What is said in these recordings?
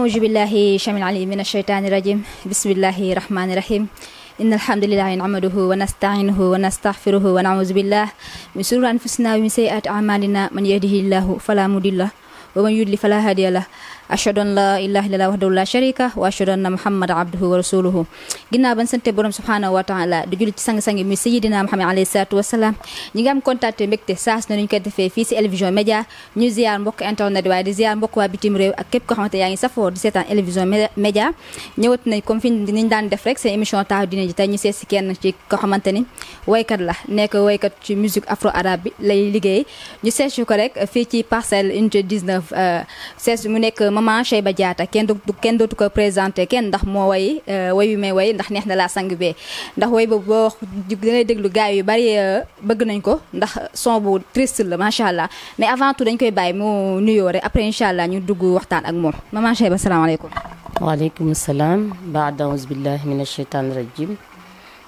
أعوذ بالله شام العلي من الشيطان الرجيم بسم الله الرحمن الرحيم إن الحمد لله نعمده ونستعينه ونستغفره ونعوذ بالله من شرور أنفسنا ومن سيئات أعمالنا من يهده الله فلا مضل له ومن يضلل فلا هادي له ashhadu an la ilaha illallah wahdahu la sharika wa ashhadu anna muhammad abduhu wa rasuluhu ginnaaw ban sante borom subhanahu wa taala di julli ci sang-sangi mi sayidina muhammad alayhi salatu wasalaam ñi ngi am contacté mbégte saas na ñu koy defee fii si Elvision Média ñu ziar mbokk internet waaye di ziar mbokk waa bitim réew ak képp ko xamante yaa ngi safoo di seetaan Elvision Média ñëwat nañ comme fi niñ daan def rek seen émission taaw dina ji tey ñu seet si kenn ci ko xamante ni waykat la nekk waykat ci musique afro arabe bi lay liggéey ñu seet ko rek fii ci parcelle unité 19 seet mu nekk maman Cheyba Diatta ken du ken dootu ko presenter ken ndax mo way wayu me way ndax neex na laa sang be ndax way bo wax déglu gaay yu bari beug nañ ko ndax son bu triste la machallah mais avant tout dañ koy bay mu nuyo rek après inshallah ñu dugg waxtaan ak moom maman alaykum wa alaykum salaam ba'da uz billahi minash shaitanir rajim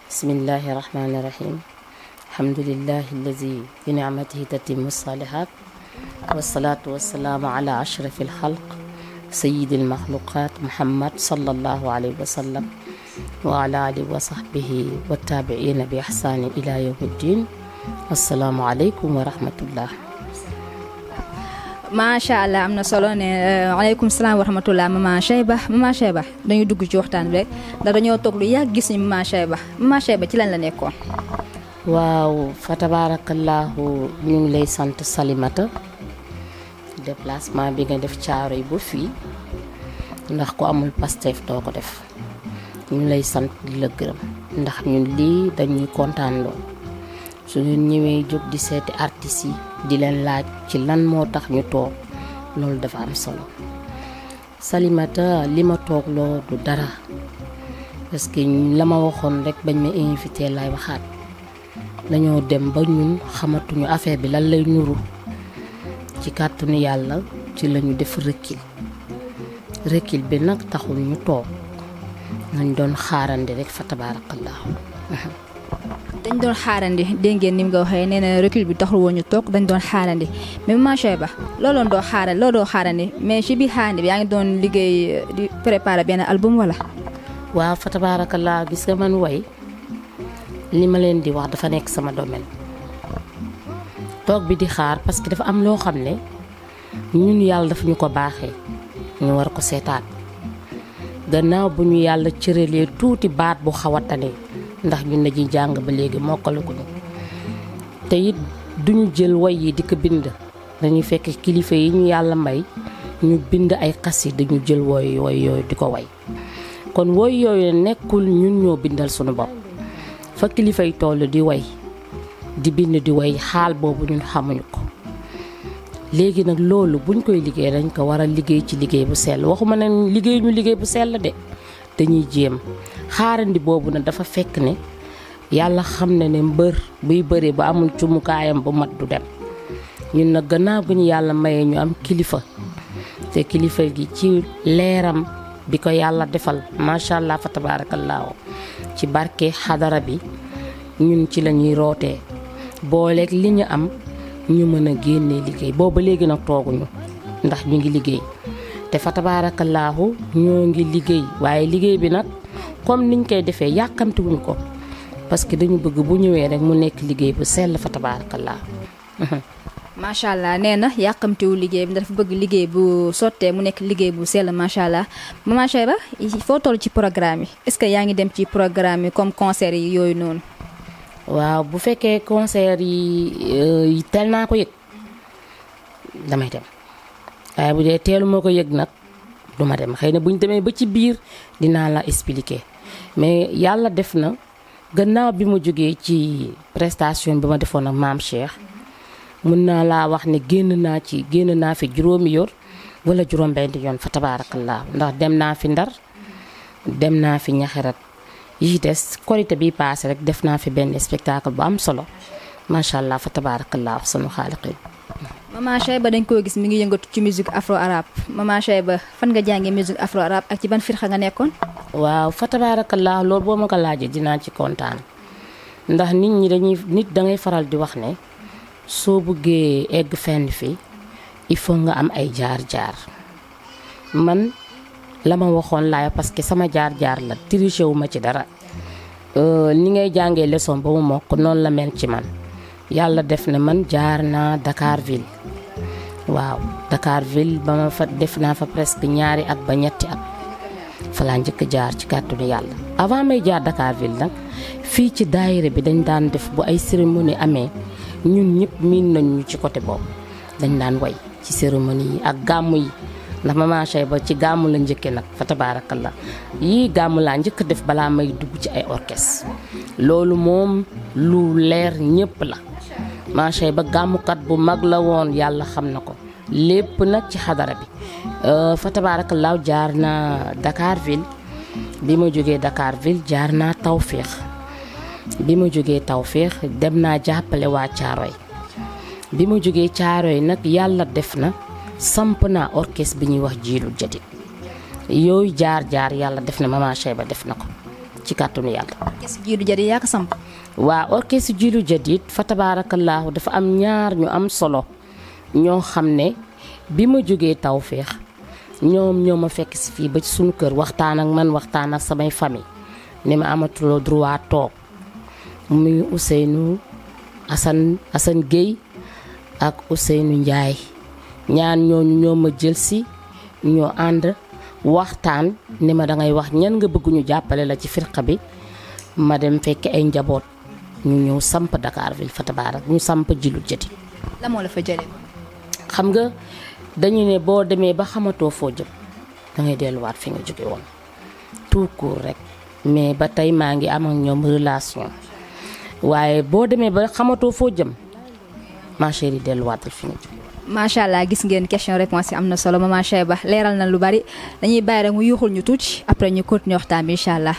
bismillahi rahmaani rahim الحمد لله الذي بنعمته تتم الصالحات والصلاة والسلام على أشرف الخلق سيد المخلوقات محمد صلى الله عليه وسلم وعلى آله وصحبه والتابعين بإحسان إلى يوم الدين السلام عليكم ورحمة الله ما شاء الله أمنا صلونا آه، عليكم السلام ورحمة الله ما شيبة ما شيبة دنيو دوغ جوخ تان بك دا دنيو توغلو يا غيسني ما شيبة ما شيبة تي لان لا نيكون واو فتبارك الله نيغ لي سانت سليمته déplacement bi nga def caaro yi bu fii ndax ku amul Pastef doo ko def ñu lay sant di la gërëm ndax ñun lii dañuy kontaan lool su ngeen ñëwee jóg di seeti artistes yi di leen laaj ci lan moo tax ñu toog loolu dafa am solo Salimata li ma toog loo dara parce que la ma waxoon rek bañ ma invité lay waxaat dañoo dem ba ñun xamatuñu affaire bi lan lay nuru ci kàttanu yàlla ci lañu def recul recul bi nag taxul ñu toog nañ doon xaarandi rek fa tabaarakallaahu dañ doon xaarandi dégg ngeen ni mu nga waxee nee na recul bi taxul woon ñu toog dañ doon xaarandi mais maman Choyba looloon doo xaarandi loo doo xaarandi mais ci biir xaarandi bi yaa ngi doon liggéey di préparer benn album wala. waaw fa tabaarakallaahu gis nga man woy li ma leen di wax dafa nekk sama domaine. toog bi di xaar parce que dafa am loo xam ne ñun yàlla daf ñu ko baaxee ñu war a ko seetaan gannaaw bu ñu yàlla cëre cëralee tuuti baat bu xaw a tane ndax ñun dañuy jàng ba léegi mokkaluguñu te it duñu jël woy yi di ko bind dañuy fekk kilifa yi ñu yàlla may ñu bind ay xas yi dañu jël woy woy di ko way kon woy yooyu nekkul ñun ñoo bindal sunu bopp fa kilifa yi di woy di bind di woy xaal boobu ñun xamuñu ko léegi nag loolu buñ koy liggéey dañ ko war a liggéey ci liggéey bu sell waxuma ne liggéey ñu liggéey bu sell de dañuy jéem xaarandi boobu nag dafa fekk ne yàlla xam ne ne mbër buy bëree ba amul cumukaayam bu mat du dem ñun na gannaaw gi ñu yàlla mayee ñu am kilifa te kilifa gi ci leeram bi ko yàlla defal macha allah fa tabaarakallaahu ci barke xadara bi ñun ci lañuy rootee booleeg li ñu am ñu mën a génnee liggéey booba léegi nag tooguñu ndax ñu ngi liggéey te fa tabaarakallaahu ñoo ngi liggéey waaye liggéey bi nag comme ni ñu koy defee yàkkamtiwuñ ko parce que dañu bëgg bu ñëwee rek mu nekk liggéey bu sell fa tabaarakallaahu macha allah nee na yàqamtiwu liggéey bi dafa bëgg liggéey bu sottee mu nekk liggéey bu sell macha allah maman Cheikh ba foo toll ci programme yi est-ce que yaa ngi dem ci programme yi comme concert yooyu noonu. waaw bu fekkee concert euh, yi teel naa ko yëg damay dem waaye bu dee teelu moo ko yëg nag du dem xëy na bu demee ba ci biir dinaa la expliquer mais yàlla def na gannaaw bi mu jógee ci prestation bi ma defoon ak maam Cheikh mun naa laa wax ne génn naa ci génn naa fi juróomi yor wala juróom-benn yoon fa tabaarakallaa ndax dem naa fi Ndar dem naa fi Ñaxerat yi des korité bi paase rek def naa fi benn spectacle bu am solo macha allah fa tabarakallah sunu xaaliqin maman ba dañ koo gis mu ngi yëngatu ci musique afro arabe maman Cheyba fan nga jàngee musique afro arabe ak ci ban firxa nga nekkoon. waaw fa tabarakallah loolu boo ma ko laajee dinaa ci kontaan ndax nit ñi dañuy nit dangay faral di wax ne soo buggee egg fenn fi il faut nga am ay jaar-jaar man. la ma waxoon laay parce que sama jaar-jaar la triché wu ci dara euh, ni ngay jàngee leçon ba mu mokk noonu la mel ci man yàlla def na man jaar naa dakaar ville waaw dakaar ville ba ma fa def naa fa presque ñaari at ba ñetti at fa laa njëkk jaar ci kàttanu yàlla avant may jaar Dakar ville nag fii ci daayira bi dañ daan def bu ay cérémonie amee ñun ñëpp miin nañ ñu ci côté boobu dañ daan woy ci cérémonie yi ak gàmm yi ndax maman Cheyba ci gàmmu la njëkkee nag fa tabaarakallah yii gàmmu laa njëkk def balaa may dugg ci ay orchestre loolu moom lu leer ñépp la maman Cheyba gàmmukat bu mag la woon yàlla xam na ko lépp nag ci xadara bi euh, fa tabaarakallah jaar naa dakaar ville bi ma jógee dakaar ville jaar naa Tawféex bi ma jógee Tawféex dem naa jàppale waa Caaroy bi ma jógee Caaroy nag yàlla def na. samp naa orchestre bi ñuy wax jiilul jadid yooyu jaar jaar yàlla def na maman ba def na ko ci kàttanu yàlla. orchestre jiilul jadid yaa ko samp. waa orchestre jiilul jadid fa tabaarakallaahu dafa am ñaar ñu am solo ñoo xam ne bi ma jógee tawféex ñoom ñoo ma fekk si fii ba ci suñu kër waxtaan ak man waxtaan ak samay famille ne ma amatuloo droit toog muy Ousseynou Assane Assane Guèye ak Ousseynou njaay ñaan ñooñu ñoo ma jël si ñoo ànd waxtaan ne ma dangay wax ñan nga bëgguñu jàppale la ci firqa bi ma dem fekk ay njaboot ñu ñëw samp Dakar ville fa tabaarak ñu samp jilu jëti la fa jëlee xam nga dañu ne boo demee ba xamatoo foo jëm dangay delluwaat fi nga jóge woon tout court rek mais ba tey maa ngi am ak ñoom relation waaye boo demee ba xamatoo foo jëm ma chérie delluwaatal fi nga jóge macha allah gis ngeen question réponse yi am na solo mama cheba leral na lu bari dañuy bàyyi rek mu yuxul ñu tuuti après ñu continue waxtaan bi incha allah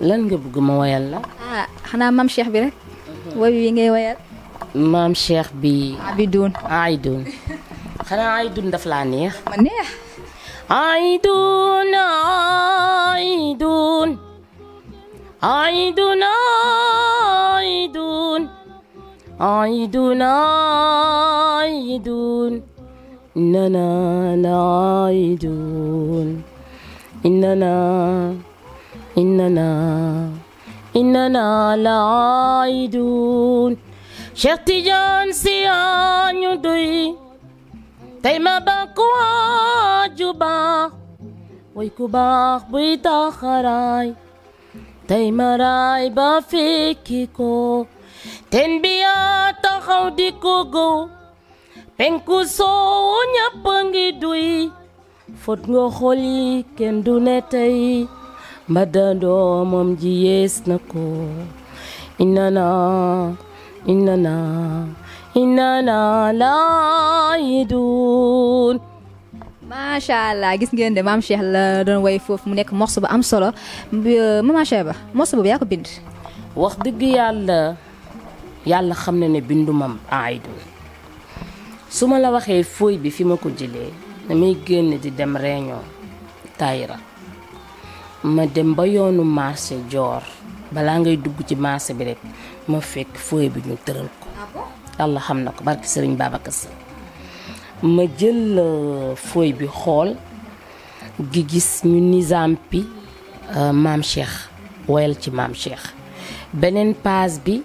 lan nga bëgg ma wayal la ah xana mam Cheikh bi rek mhm. woy wi ngay woyal mam Cheikh bi abidun aidun xana aidun daf la neex ma neex aidun aidun aidun aidun عيدنا عيدون إننا لعيدون إننا إننا إننا لعيدون شيخ تيجان سيان يدوي تيما باكو جبا ويكو باخ بيتا خراي تيما راي بافيكيكو teen bi yaa taxaw di kogow penku soowu ñëpp ngi duy fot nga xool yi kenn du ne tey moom ji yees na ko inana inana inana laa yi duun macha allah gis ngeen de maam Cheikh la doon way foofu mu nekk morceau bu am solo maman Cheikh ba morceau boobu yaa bind wax dëgg yàlla yàlla xam na ne bindumam aidul su ma la waxee fooy bi fi ma ko jëlee damay génn di dem réunion Taïra ma dem ba yoonu marché joor balaa ngay dugg ci marché bi rekk ma fekk fooy bi ñu tëral ko ah yàlla xam na ko barki sëriñ Babacar ma jël euh, fooy bi xool gi gis ñu nisampi euh, mam Cheikh woyal ci mam Cheikh beneen paas bi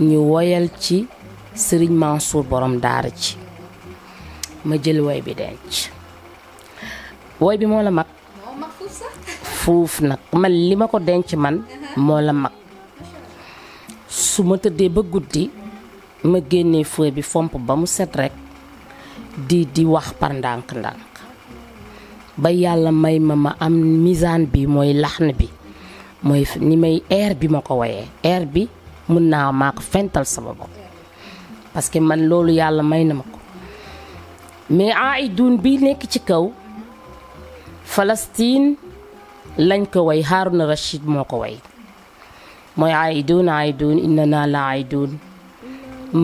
ñu woyal ci sëriñ Mansour borom daara ci ma jël woy bi denc woy bi moo la mag fuuf nag man li ma ko denc man moo la mag su ma tëddee ba guddi ma génne fooy bi fomp ba mu set rekk di di wax par ndànk-ndànk ba yàlla may ma ma am misaan bi mooy laxn bi mooy ni may air bi ma ko woyee air bi mun naa maa ko fental sama bopp parce que man loolu yàlla may na ma ko mais aidun bi nekk ci kaw Palestine lañ ko woy way na Rachid moo ko way mooy aidun aidun inna naa la aidun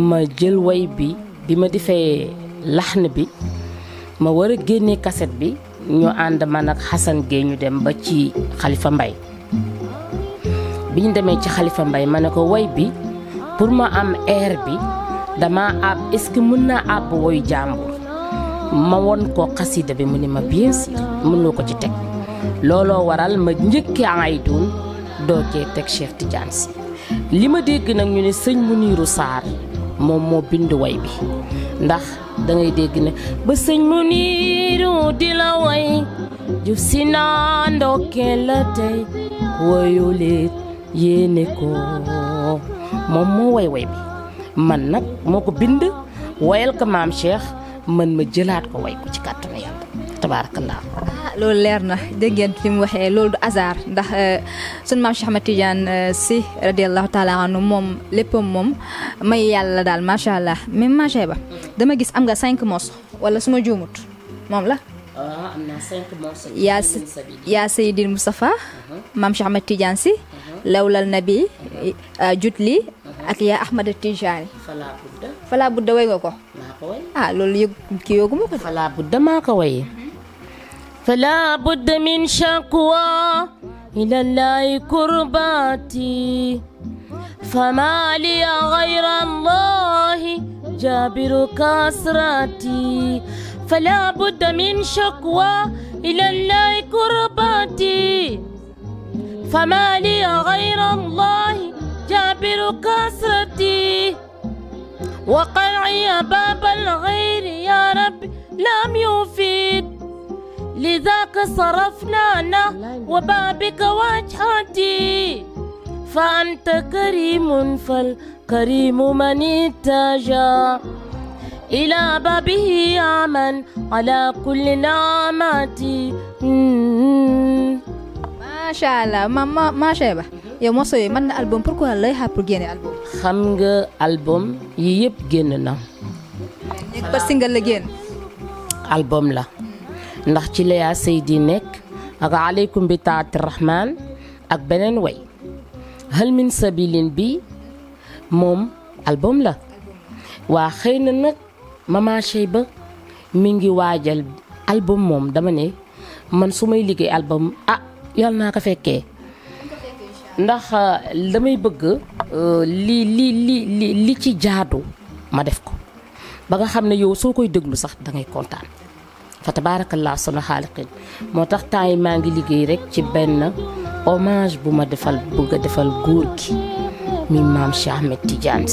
ma jël woy bi bi ma defee laxn bi ma war a génne kaset bi ñu ànd man ak Xasan Gueye ñu dem ba ci Xalifa Mbay bi ñu demee ci xalifa mbay ma ne ko woy bi pour ma am air bi dama àbb est-ce que mën naa àbb woyu jàmbur ma won ko xasida bi mu ne ma bien sûr mënuloo ko ci teg looloo waral ma ay Aydoun doo cee teg Cheikh Tidiane Sy li ma dégg nag ñu ne sëñ Muniru Saar moom moo bind woy bi ndax dangay dégg ne ba sëñ Muniru di la way jub si naa ndokkee la tey woyu yéene ko moom moo woy woy bi man nag moo ko bind woyal ko maam Cheikh man ma jëlaat ko woy ko ci kàttanu yàlla tabaarakallaa ah, loolu leer na dégg ngeen mu waxee loolu du hasard ndax euh, sun maam Cheikh ma Tidiane euh, si radiallahu taala anhu moom léppam moom may yàlla daal macha allah mais maché ba dama gis am nga cinq mos wala suma ma moom la يا سيدي المصطفى مام شي احمد تيجانسي لولا النبي جوتلي ak yaa ahmad tijani fala budda fala budda way nga ko ah loolu yëg ki yoguma ko fala budda maa ko waye فلا بد من شكوى إلى الله كرباتي فما لي غير الله جابر كسرتي فلا بد من شكوى إلى الله قرباتي فما لي غير الله جابر كسرتي وقرعي باب الغير يا رب لم يفيد لذاك صرفنا أنا وبابك وجهتي فأنت كريم فالكريم من اتجاه إلى بابه يا من على كل نعماتي ما شاء الله ما ما ما شاء الله يا مصري من ألبوم بركو الله يحبك جيني ألبوم خمغ ألبوم ييب جيننا نكبر سينجل جين ألبوم لا نحكي لي يا سيدي نك عليكم بتاعة الرحمن أكبرن نوي هل من سبيل بي مم ألبوم لا وخين نك Mama ba mi ngi waajal album moom dama ne man su may liggéey album ah yal naa ko fekkee ndax euh, damay bëgg euh, li li li li li ci jaadu ma def ko ba nga xam ne yow soo koy déglu sax da ngay kontaan fa tabaarakallaa sunu xaaliqin moo tax temps yi maa ngi liggéey rek ci benn hommage bu ma defal bëgg a defal góor gi mi maam Cheikh Ahmed Tidiane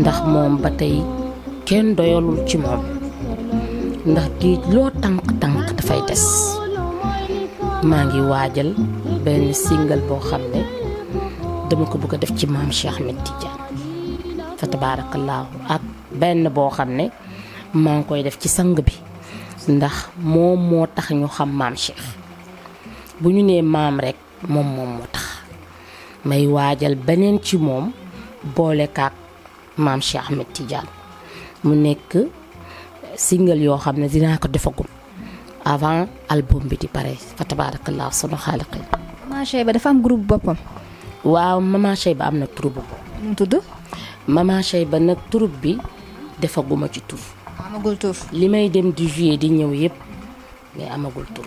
ndax moom ba tey kenn doyalul ci moom ndax géej loo tànk-tànk dafay des maa ngi waajal benn singal boo xam ne dama ko bëgg a def ci maam Cheikh Ahmed Tidiane fa tabaarakallaahu ak benn boo xam ne maa ngi koy def ci sang bi ndax moom moo tax ñu xam maam Cheikh bu ñu nee maam rekk moom moom moo tax may waajal beneen ci moom boole kaak maam Cheikh Ahmed Tidiane mu nekk single yoo xam ne dinaa ko defagum avant album bi di pare fa tabaarakallaa sunu xaaliq yi. Mama ba dafa am groupe boppam. waaw Mama Cheyba am na troupe boppam. mu tudd. nag troupe bi defaguma ci tur. amagul li may dem di juillet di ñëw yëpp mais amagul tur.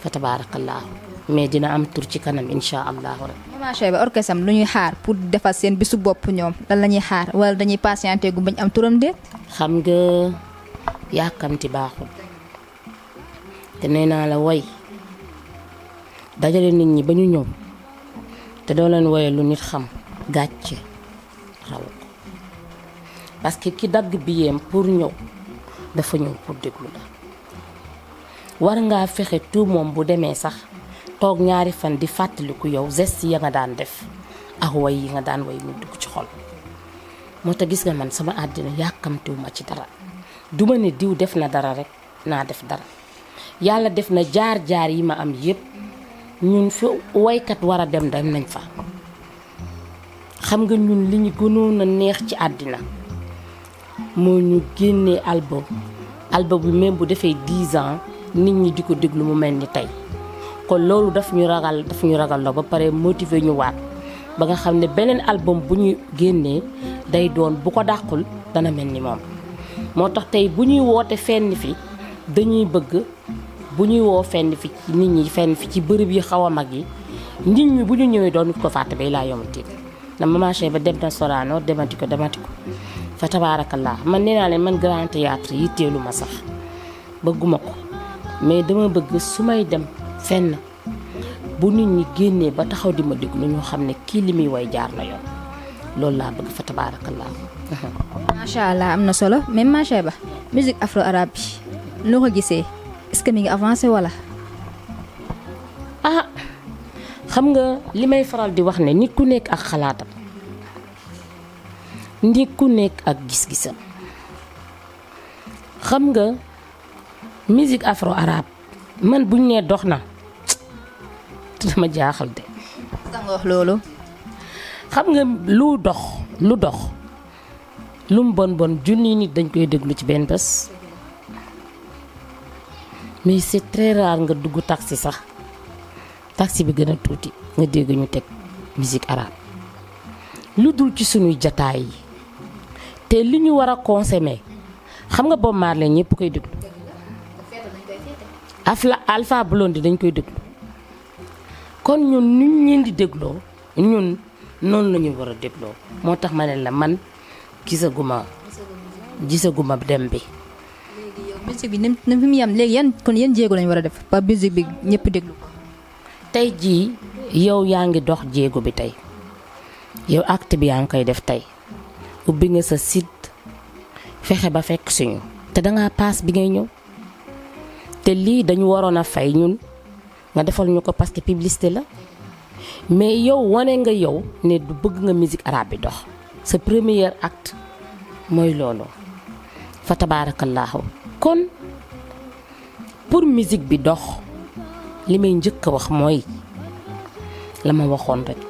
fa tabaarakallaa mais dina am tur ci kanam incha allahu rabbi image ba orchestre am lu ñuy xaar pour defal seen bisu bopp ñoom lan la ñuy xaar wala dañuy patienté gu bañ am turam dek. xam nga yàkkamti baaxul te nee la way dajale nit ñi ba ñu ñëw te doo leen woye lu nit xam gàcce raw ko parce que ki dagg biyeem pour ñëw dafa ñëw pour déglu la war tout bu sax toog ñaari fan di fàttaliku yow geste ya nga daan def ak way yi nga daan woy mu dugg ci xol moo te gis nga man sama àddina yàkkamtiwuma ci dara duma ne diw def na dara rek naa def dara yàlla def na jaar-jaar yi ma am yépp ñun fi woykat war a dem dem nañ fa xam nga ñun li ñu gënoon a neex ci àddina moo ñu génnee album album bu même bu defee 10 nit ñi di ko déglu mu mel ni tey kon loolu daf ñu ragal daf ñu ragal la ba pare motiver ñu waat ba nga xam ne beneen album bu ñu génnee day doon bu ko dàqul dana mel ni moom moo tax tey bu ñuy woote fenn fi dañuy bëgg bu ñuy woo fenn fi ci nit ñi fenn fi ci bërëb yi xaw a mag yi nit ñi bu ñu ñëwee doon ko fàtte bay laa yomati na Mama Cheikh ba dem na Sorano demati ko demati ko fa tabaarakallaa man nee naa leen man grand théâtre yitteelu ma sax bëgguma ko mais dama bëgg su may dem fenn bu nit ñi génnee ba taxaw di ma déglu ñoo xam ne kii li muy way jaar na yoon loolu laa bëgg fa tabaarakallaa. macha allah am na solo même macha ba musique afro arabe bi loo ko gisee est-ce mi ngi avancé wala. ah xam nga li may faral di wax ne nit ku nekk ak xalaatam nit ku nekk ak gis-gisam xam nga musique afro arabe man buñ nee dox na. dama jaaxal de. loolu. xam nga lu dox lu dox lu bon bon junni nit dañ koy déglu ci benn bés. mais c'est très rare nga dugg taxi sax taxi bi gën a tuuti nga dégg ñu teg musique arabe lu dul ci sunuy jataay yi te li ñu war a consommer xam nga Bob Marley ñëpp koy déglu. Alpha Blondy dañ koy déglu. kon ñun nuñ leen di dégloo ñun noonu la ñu war a dégloo moo tax ma ne la man gisaguma gisaguma dem bi. léegi yow musique bi ni mu yam léegi yan kon yan jéego lañu war a def ba musique bi ñëpp déglu ko. tey jii yow yaa ngi dox jéego bi tey yow act bi yaa ngi koy def tey ubbi nga sa sit fexe ba fekk suñu te danga paas bi ngay ñëw te lii dañu waroon a fay ñun. nga defal ñu ko parce que publicité la mais yow wane nga yow ne du bëgg nga musique arabe bi dox sa premier acte mooy loolu fa tabaarakallaahu kon pour musique bi dox li may njëkk a wax mooy la ma waxoon rek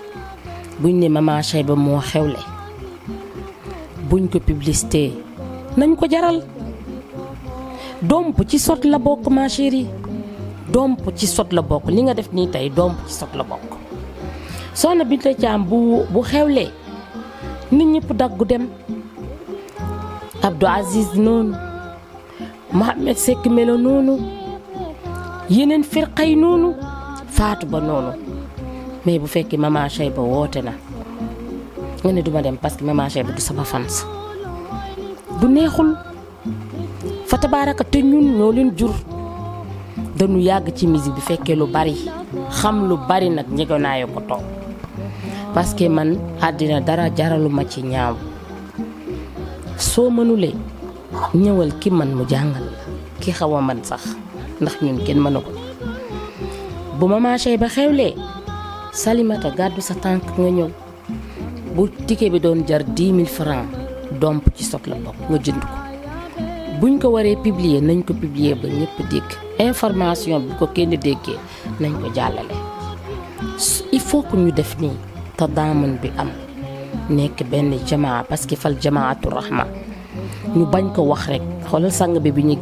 buñ ne Mama Shayba moo xewle buñ ko publicité nañ ko jaral doom ci sot la bokk ma chérie domp ci sot la bokk li nga def nii tey domp ci sot la bokk soxna Binta Thiam bu bu xewlee nit ñëpp daggu dem Abdou Aziz noonu Mohamed Seck Melo noonu yeneen firqa yi noonu faatu ba noonu mais bu fekkee maman Cheyba woote na nga ne duma dem parce que maman Cheyba du sama fans du neexul fa tabaaraka te ñun ñoo leen jur dañu yàgg ci musique bi fekkee lu bari xam lu bari nag ñegonaayu ko toog parce que man àddina dara jaraluma ci ñaaw soo mënulee ñëwal ki man mu jàngal la ki xaw a man sax ndax ñun kenn mënu ko bu ma marché ba xewlee salimata gàddu sa tànk nga ñëw bu ticket bi doon jar 10 000 francs domp ci sot la bokk nga jënd ko buñ ko waree publier nañ ko publier ba ñëpp dégg information bi ko kenn déggé nañ ko il faut que ñu def nous devons bi am nek jamaa parce que fal jamaatu rahma ñu bañ ko wax rek sang bi bi ñu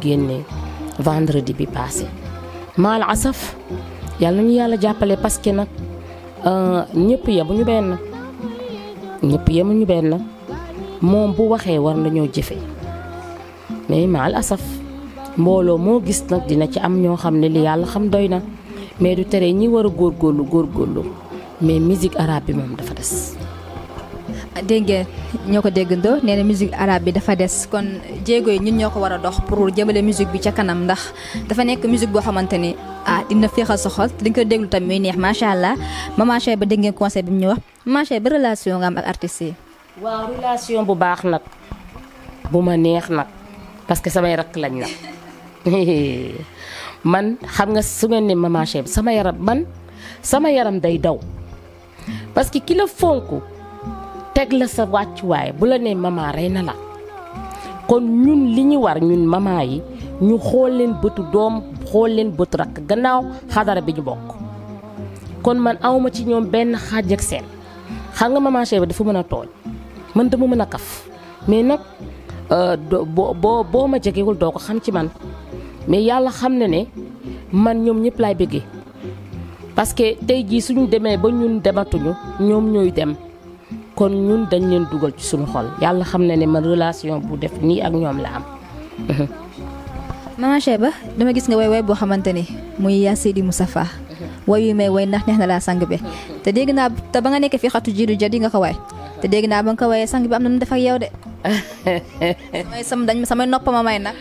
vendredi bi passé Mal asaf yalla ñu yalla parce que euh, ñëpp devons nous ñëpp nous devons nous bu waxé war nous jëfé mais Mal asaf mbooloo moo gis nag dina ci am ñoo xam ne li yàlla xam doy na mais du tere ñi war a góor góorgóorlu mais musique arabe bi moom dafa des. dégg ñoo ko dégg nee na musique arabe bi dafa des kon jéego yi ñun ñoo ko war a dox pour jëmale musique bi ca kanam ndax dafa nekk musique boo xamante ni ah dina féexal sa xol dañ ko déglu tam muy neex macha allah maman Cheikh ba dégg ngeen conseil bi mu ñu wax maman Cheikh ba relation nga am ak waa yi. relation bu baax nag bu ma neex nag parce que samay rakk lañ nag. man xam nga su ngeen ne maman Cheikh sama yaram man sama yaram day daw parce que kilo la fonk teg la sa wàccuwaay bu la nee maman rey na la kon ñun li ñuy war ñun maman yi ñu xool leen bëtu doom xool leen bët rakk gannaaw xadara bi ñu bokk kon man awma ci ñoom benn xaaj ak seen xam nga maman bi dafa mën a tooñ man dama mën a kaf mais nag euh, boo boo ma jegewul doo ko xam ci man mais yalla ne man ñom ñep lay bëggé parce que tay ji suñu démé ba ñun dematuñu ñom ñoy dem kon ñun dañ leen duggal ci suñu xol yalla ne man relation bu def ni ak ñom la am mama cheba dama gis nga way way bo xamanteni muy ya seydi musafa way yu may way ndax neex na la sang bi te deg na ta ba nga nekk fi xatu jidu jadi nga ko way te deg na ba nga ko way sang bi amna na def ak yow de samay sam dañ ma may nag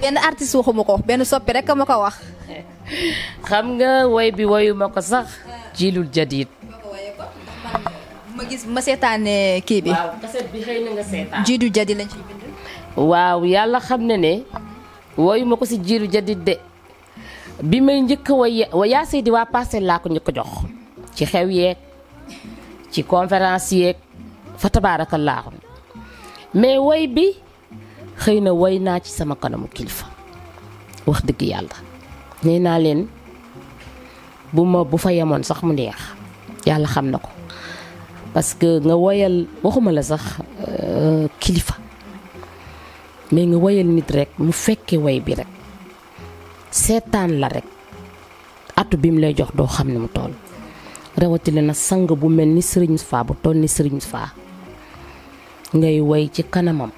benn artiste waxuma ko benn soppi rek ma ko wax xam nga woy bi woyuma ko sax jiilul jadid ma gis kii bi kaset lañ ci waaw yàlla xam ne ne woyuma ko si jiilu jadid de bi may njëkk way wa yaa waa passé laa ko njëkk jox ci xew yeeg ci conférence yeeg fa tabaarakallaahu mais way bi xeyna na way naa ci sama kanamu kilifa wax dëgg yàlla nee naa bu ma bu fa yemoon sax mu neex yàlla xam na parce que nga woyal waxuma la sax kilifa mais nga woyal nit rek mu fekke way bi rek seetaan la rek atu bi lay jox doo xam mu toll rawatina na sang bu mel Serigne Fa bu toll ni Serigne Fa ngay woy ci kanamam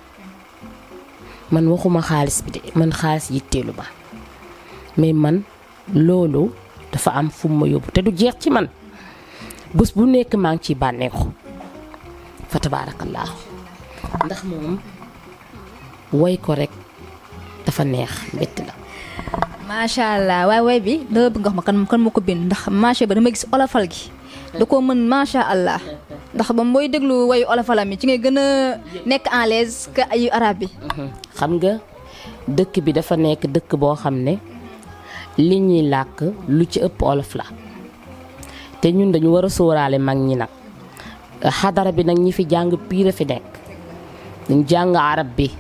man waxuma xaalis bi de man xaalis yitteelu ma mais man loolu dafa am fu ma yóbbu te du jeex ci man bés bu nekk maa ngi ciy bànneexu fa tabaarakallaahu ndax moom woy ko rek dafa neex mbett la. macha allah waaye woy bi dama bëgg nga xam kan kan moo ko bind ndax marché ba dama gis olofal gi. da ko mën macha allah ndax ba booy déglu wayu olafalam yi ci ngay gën a nekk en l'aise que ayu arab bi. xam nga dëkk bi dafa nekk dëkk boo xam ne li ñuy làkk lu ci ëpp olof la te ñun dañu war a sóoraale mag ñi nag xadara bi nag ñi fi jàng piir a fi nekk ñu jàng arab bi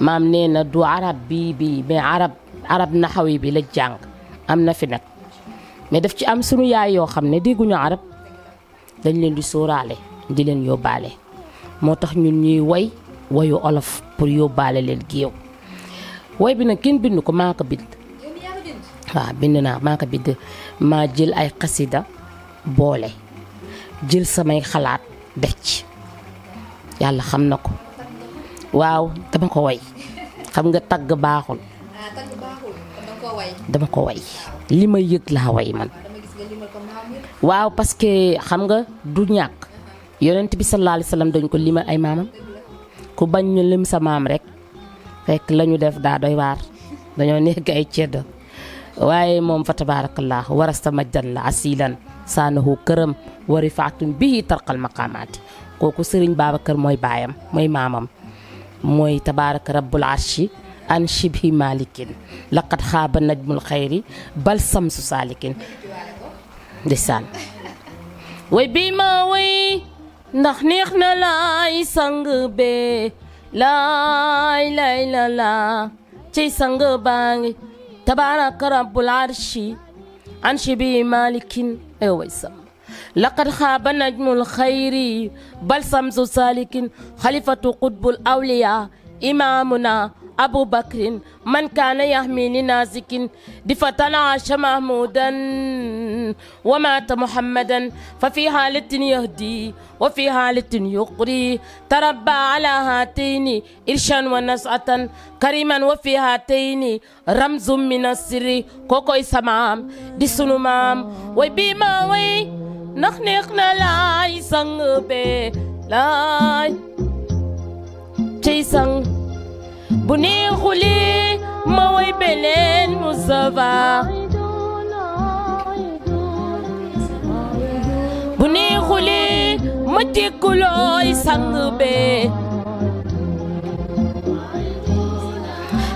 maam nee na du arab bii bii mais arab arab naxawi bi la jàng am na fi nag mais daf ci am sunu yaay yoo xam ne dégguñu arab dañ leen di sooraale di leen yóbbaale moo tax ñun ñuy woy woyu olof pour yóbbaale leen géew woy bi nag kenn bind ko maa ko bind waaw bind maa ko bind maa jël ay xasida boole jël samay xalaat dec yàlla xam na ko waaw dama ko woy xam nga tagg baaxul ah, dama ko woy li ma yëg laa woy man waaw parce que xam nga du ñàkk yonent bi sallallahu alayhi wasallam dañ ko limal ay maamam ku bañ ñu lim sa maam rek fekk la ñu def daa doy waar dañoo nekk ay ceddo waaye moom fa tabarakallah warasta majdan la asilan saanahu këram wa rifaatun bihi tarqal maqaamaati kooku sëriñ Babacar mooy baayam mooy maamam mooy tabaraka rabbul arshi an shibhi malikin laqad xaaba najmul xayri bal samsu saalikin ndeysaan way bi ndax neex na laay sang bee la laa ciy sang baa ngi tabaraka rabbul arshi anshi bi malikin ay laqad xaaba najmul xayri balsamsu salikin xalifatu qutbul awliya imaamuna أبو بكر من كان يهميني نازك دفتنا عاش محمودا ومات محمدا ففي حالة يهدي وفي حالة يقري تربى على هاتين إرشا ونسعة كريما وفي هاتين رمز من السر كوكوي سمام دي سنمام وبيما وي نخنقنا لاي سنغبي لاي تيسنغ بني غلي موي بلين مصطفى بني غلي متي كلوي سانغبي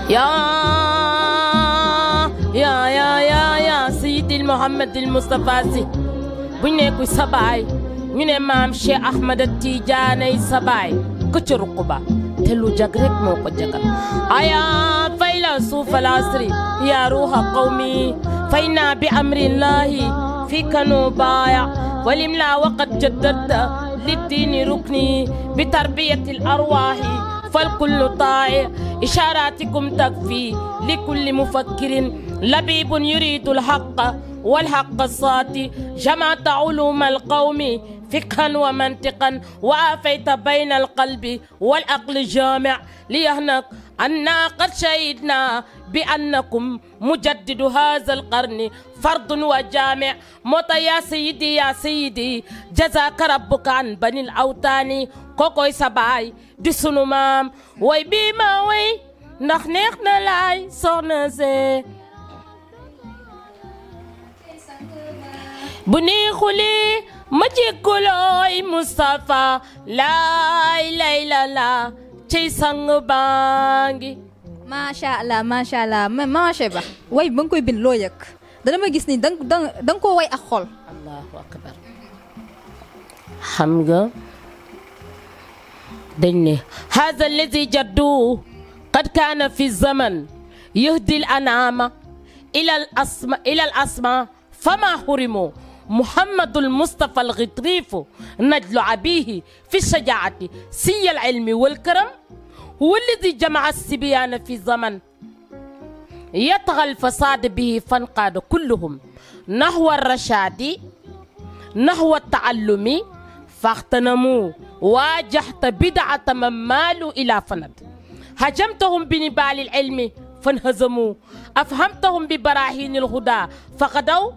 يا يا يا يا يا سيدي المحمد المصطفى سي بنيكو سباي من امام شيخ احمد التيجاني سباي كتر رقبه تهلو جاكريك موقع جاكر أيا فيلسوف العصر يا روح قومي فاينا بأمر الله فيك نبايع ولملا وقد جددت للدين ركني بتربية الأرواح فالكل طائع إشاراتكم تكفي لكل مفكر لبيب يريد الحق والحق الصاتي جمعت علوم القوم فقها ومنطقا وافيت بين القلب والعقل الجامع ليهنق أنا قد شهدنا بأنكم مجدد هذا القرن فرد وجامع موت يا سيدي يا سيدي جزاك ربك عن بني الأوتاني كوكوي سباي دي سنمام وي بيما وي نخ نخ نلاي بني خلي مجھے کلوئی مصطفیٰ لا لا لا لا چھے سنگ بانگی ما شاء الله ما شاء الله ما ما شاء الله واي بنكوي بن لويك دانا ما غيسني دان دان دان كو واي اخول الله اكبر حمغا دني هذا الذي جدو قد كان في الزمن يهدي الانام الى الاسماء الى الاسماء فما حرموا محمد المصطفى الغطريف نجل عبيه في الشجاعة سي العلم والكرم هو الذي جمع السبيان في زمن يطغى الفساد به فانقاد كلهم نحو الرشاد نحو التعلم فاغتنموا واجهت بدعة من مالوا إلى فند هجمتهم بنبال العلم فانهزموا أفهمتهم ببراهين الهدى فغدوا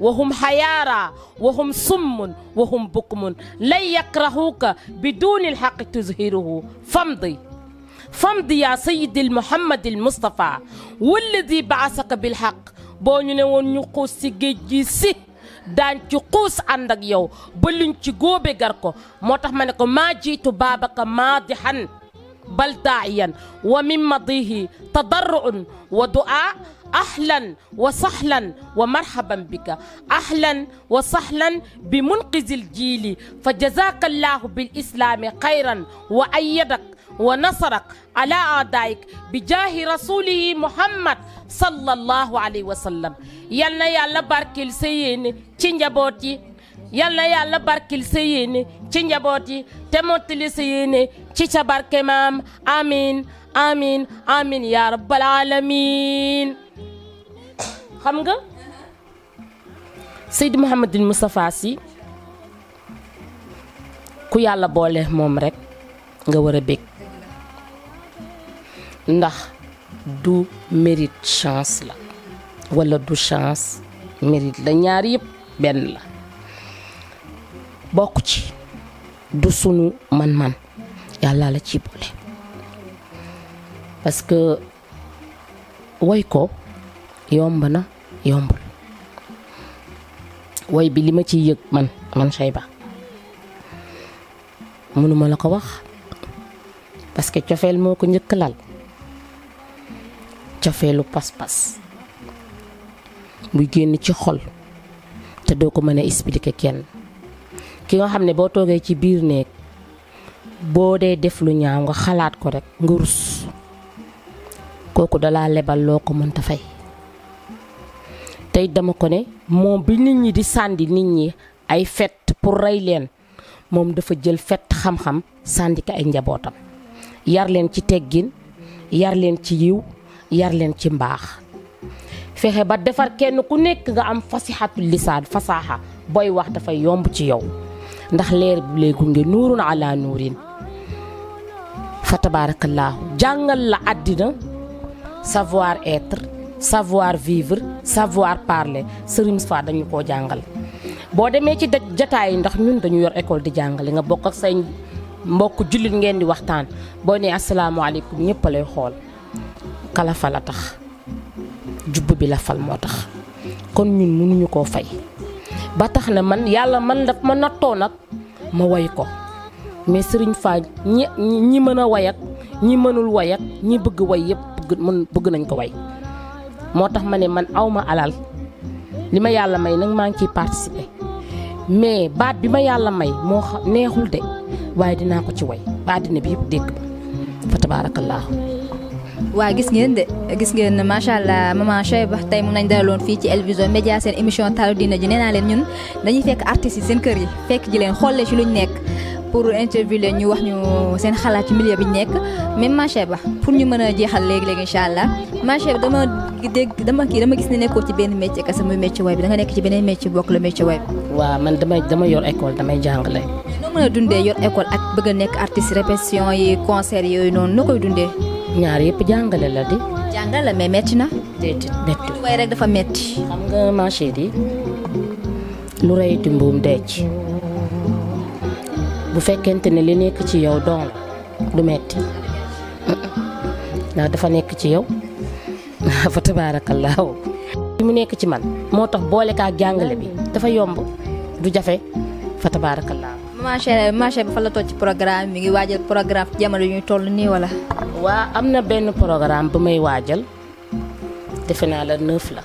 وهم حيارى وهم سم وهم بكم لا يكرهوك بدون الحق تزهره فامضي فامضي يا سيد المحمد المصطفى والذي بعثك بالحق بونيو نون نقوس سيجي سي دان تقوس عندك يو بلن تقو بغركو موتح مانكو ما جيت بابك ماضحا بل داعيا ومن مضيه تضرع ودعاء أهلا وسهلا ومرحبا بك أهلا وسهلا بمنقذ الجيل فجزاك الله بالإسلام خيرا وأيدك ونصرك على أعدائك بجاه رسوله محمد صلى الله عليه وسلم يلا يلا باركيل سيين تنجبوتي يلا يلا yàlla barkil sa yéene ci njaboot امين amin amin yaa rabbal alamin xam nga Seydi Mouhamadine Moustapha Sy ku yàlla boole moom rekk nga war a bég ndax du mérite chance la walla du chance mérite la ñaar yëpp benn la bokk ci du sunu man-man yàlla la ci boole parce que woy ko yomb na yombul woy bi li ma ci yëg man man Cheyba mënuma la ko wax parce que cofeel moo ko njëkk lal cofeelu pas-pas buy génn ci xol te doo ko mën a expliquer kenn ki nga xam ne boo toogee ci biir néeg boo dee def lu ñaaw nga xalaat ko rekk nga rus kooku dalaa lebal loo ko mënta fay tey dama ko ne moom bi nit ñi di sàndi nit ñi ay fet pour rey leen moom dafa jël fett xam-xam sàndi ko ay njabootam yar leen ci teggin yar leen ci yiw yar leen ci mbaax fexe ba defar kenn ku nekk nga am fasixatu lisaan fasaaxa booy wax dafay yomb ci yow ndax leer bi lay gunge nuurun ala nuurin fa tabaarakallaahu jàngal la àddina savoir être savoir vivre savoir parler Serigne Moustapha dañu koo jàngal boo demee ci jataay ndax ñun dañu yor école di jàngale nga bokk ak say mbokk jullit ngeen di waxtaan Bo né assalamu alaykum ñepp lay xol. kala fa la tax jubb bi la fal motax. kon ñun mënuñu koo fay ba tax na man Yalla man daf ma natto nak ma way ko mais Serigne Fall ñi mëna mën way ak ñi mënul way ak ñi bëgg way yëpp bëgg mun bëgg nañ ko way moo tax ma ne man aw ma alal li ma yàlla may nag maa ngi ciy participer mais baat bi ma yàlla may moo xam neexul de waaye dinaa ko ci way ba àddina bi yëpp dégg ba fa tabaarakallaahu waa gis ngeen de gis ngeen macha allah maman Cheyba tey moom nañ dalaloon fii ci Elvision Média seen émission taaru diine ji nee naa leen ñun dañuy fekk artistes yi seen kër yi fekk ji leen xolle ci luñ nekk pour interview leen ñu wax ñu seen xalaat ci milieu bi ñu nekk même Maché Ba pour ñu mën a jeexal léegi-léegi incha allah Maché Ba dama dégg dama dama gis ne nekkoo ci benn métier kese muy métier way bi da nga nekk ci beneen métier bokk la métier way bi waaw man damay dama yor école damay jàngale dundee yor école ak bëgg a nekk artiste répétition yi concert yooyu noonu noo koy dundee ñaar yëpp jàngale la di jàngale la mais metti na déedéet metti way rek dafa metti xam nga marché di lu rëy ti mbuum deec bu fekkente ne li nekk ci yow donc du metti ndax dafa nekk ci yow fa tabaarakallaahu li mu nekk ci man moo tax boole kaa jàngale bi dafa yomb du jafe fa tabaarakallaahu marché marché bi fa la ci programme mi ngi waajal programme jamono yu ñu toll nii wala. waa am na benn programme bu may waajal defe naa la neuf la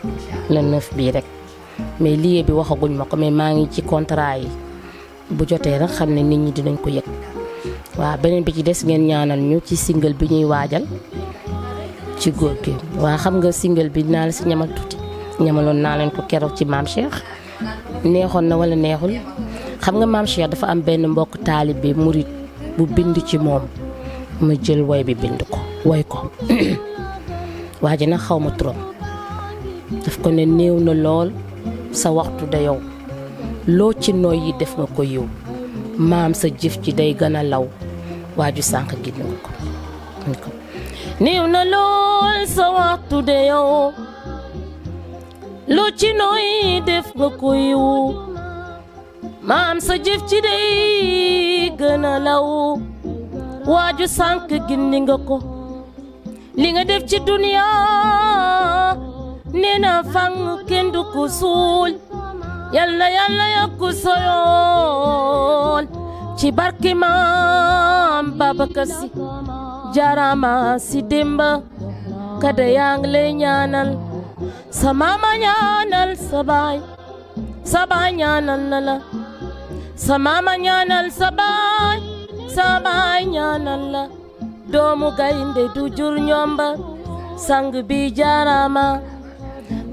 la neuf bii rek mais lié bi waxaguñ ma ko maa ngi ci contrat yi. bu jotee rek xam ne nit ñi dinañ ko yëg waaw beneen bi ci des ngeen ñaanal ñu ci single bi ñuy waajal ci góor gi waa xam nga single bi naa la si ñamal tuuti ñamaloon naa lañ ko keroog ci maam Cheikh neexoon na wala neexul xam nga maam Cheikh dafa am benn mbokk taalib bi murit bu bind ci moom ma jël woy bi bind ko woy ko waa ji nag xaw ma turam daf ko ne néew na lool sa waxtu dayow loo ci nooy yi def nga ko yow maam sa jëf ci day gën a law waaju sànq gi nga ko néew na lool sa waxtu de yow loo ci nooy def nga ko yiwu maam sa jëf ci day gën a law waaju sànq gindi nga ko li nga def ci duniya nee na fang kenn du ko suul yal na yàlla yokk soyoon ci barke maam Babacar Sy jaarama si dimba kada yaa ngi lay ñaanal sa maama ñaanal sa baay sa baay ñaanal na la sa la doomu gaynde du jur ñomba sang bi jaarama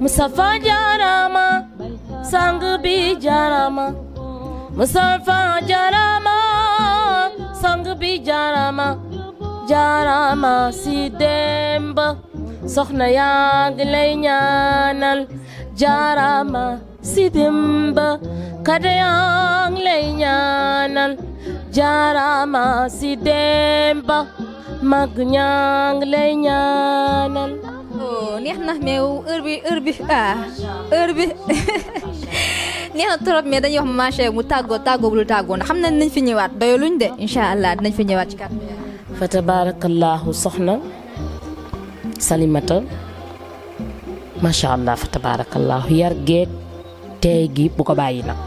Mustafa jaarama sang bi jarama Mustafa jarama sang bi jarama jarama si demba soxna yaa ngi lay jarama si demba kade yaa ngi lay jarama si demba mag ñaa ngi lay neex na mais heure bi heure bi ah neex na trop mais dañuy wax ma chère mu tàggoo tàggoo bu tàggoo ndax xam nañ nañ fi ñëwaat doyaluñ de incha allah dinañ fi ñëwaat ci kat fa tabaarakallaahu soxna Salimata macha allah fa tabaarakallaahu yar geeg tey gi bu ko bàyyi nag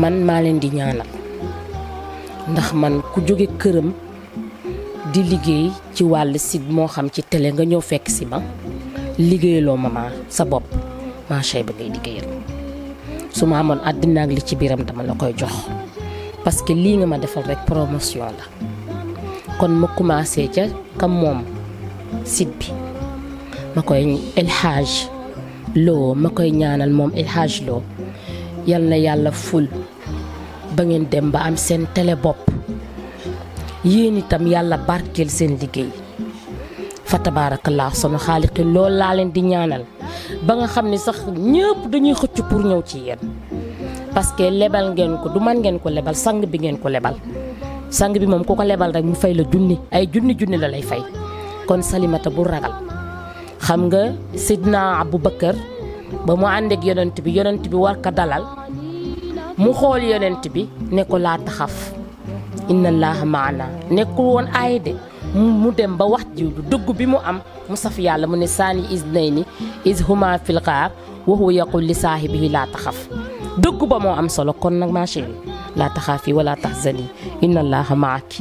man maa leen di ñaanal ndax man ku jóge këram di liggéey. ci wàll site moo xam ci télé nga ñëw fekk si ma liggéeyaloo ma sa bopp maa shay ba ngay liggéeyal su ma amoon àddina ak li ci biiram dama la koy jox parce que lii nga ma defal rek promotion la kon ma commencé ca kam moom site bi ma koy El Hadj ma koy ñaanal moom El Hadj Lo yal na yàlla ful ba ngeen dem ba am seen télé bopp. yéen itam yàlla barkeel seen liggéey fa tabaarakallaa sunu xaaliqi lool laa leen di ñaanal ba nga xam ni sax ñëpp dañuy xëcc pour ñëw ci yen parce que lebal ngeen ko du man ngeen ko lebal sang bi ngeen ko lebal sang bi moom ku ko lebal rek mu fay la junni ay junni junni la lay fay kon salimata bu ragal xam nga sidna abou bakar ba mu ànd ak yonent bi yonent bi war ko dalal mu xool yonent bi ne ko laa taxaf إن الله معنا نكون عيد مدم بوحد يود دق بمو أم مصف يعلم نساني إذنين إذ هما في الغاب وهو يقول لصاحبه لا تخاف دق بمو أم صلو كن ماشي لا تخافي ولا تحزني إن الله معك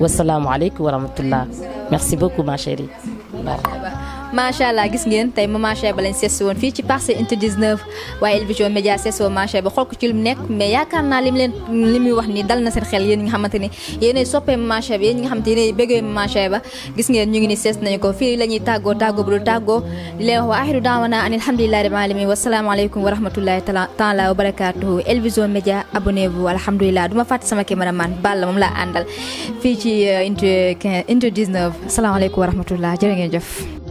والسلام عليكم ورحمة الله ميرسي بوكو ma chérie Bye. Bye. macha allah gis ngeen tey Mama Cheikh ba lañ seetsi woon fii ci Parcelles Unité 19 waaye El Vision Médias seetsi woon Mama Cheikh ba xool ko mais yaakaar naa li mu leen wax ni dal na seen xel yéen ñi nga xamante ni yéenay soppee Mama Cheikh ba yéen ñi nga xamante yéenay ba gis ngeen ñu ngi ni sees nañu ko fii lañuy ñuy tàggoo tàggoo bu dul tàggoo di leen wax wa axiru daawana an alhamdulilahi rabbil alamin wasalaamaaleykum wa rahmatullahi taala wa barakatuhu El Vision Médias abonnez-vous alhamdulilah duma fàtte sama cameraman moom laa àndal fii ci Unité euh, 19 salaamaaleykum wa rahmatullah jërë ngeen jëf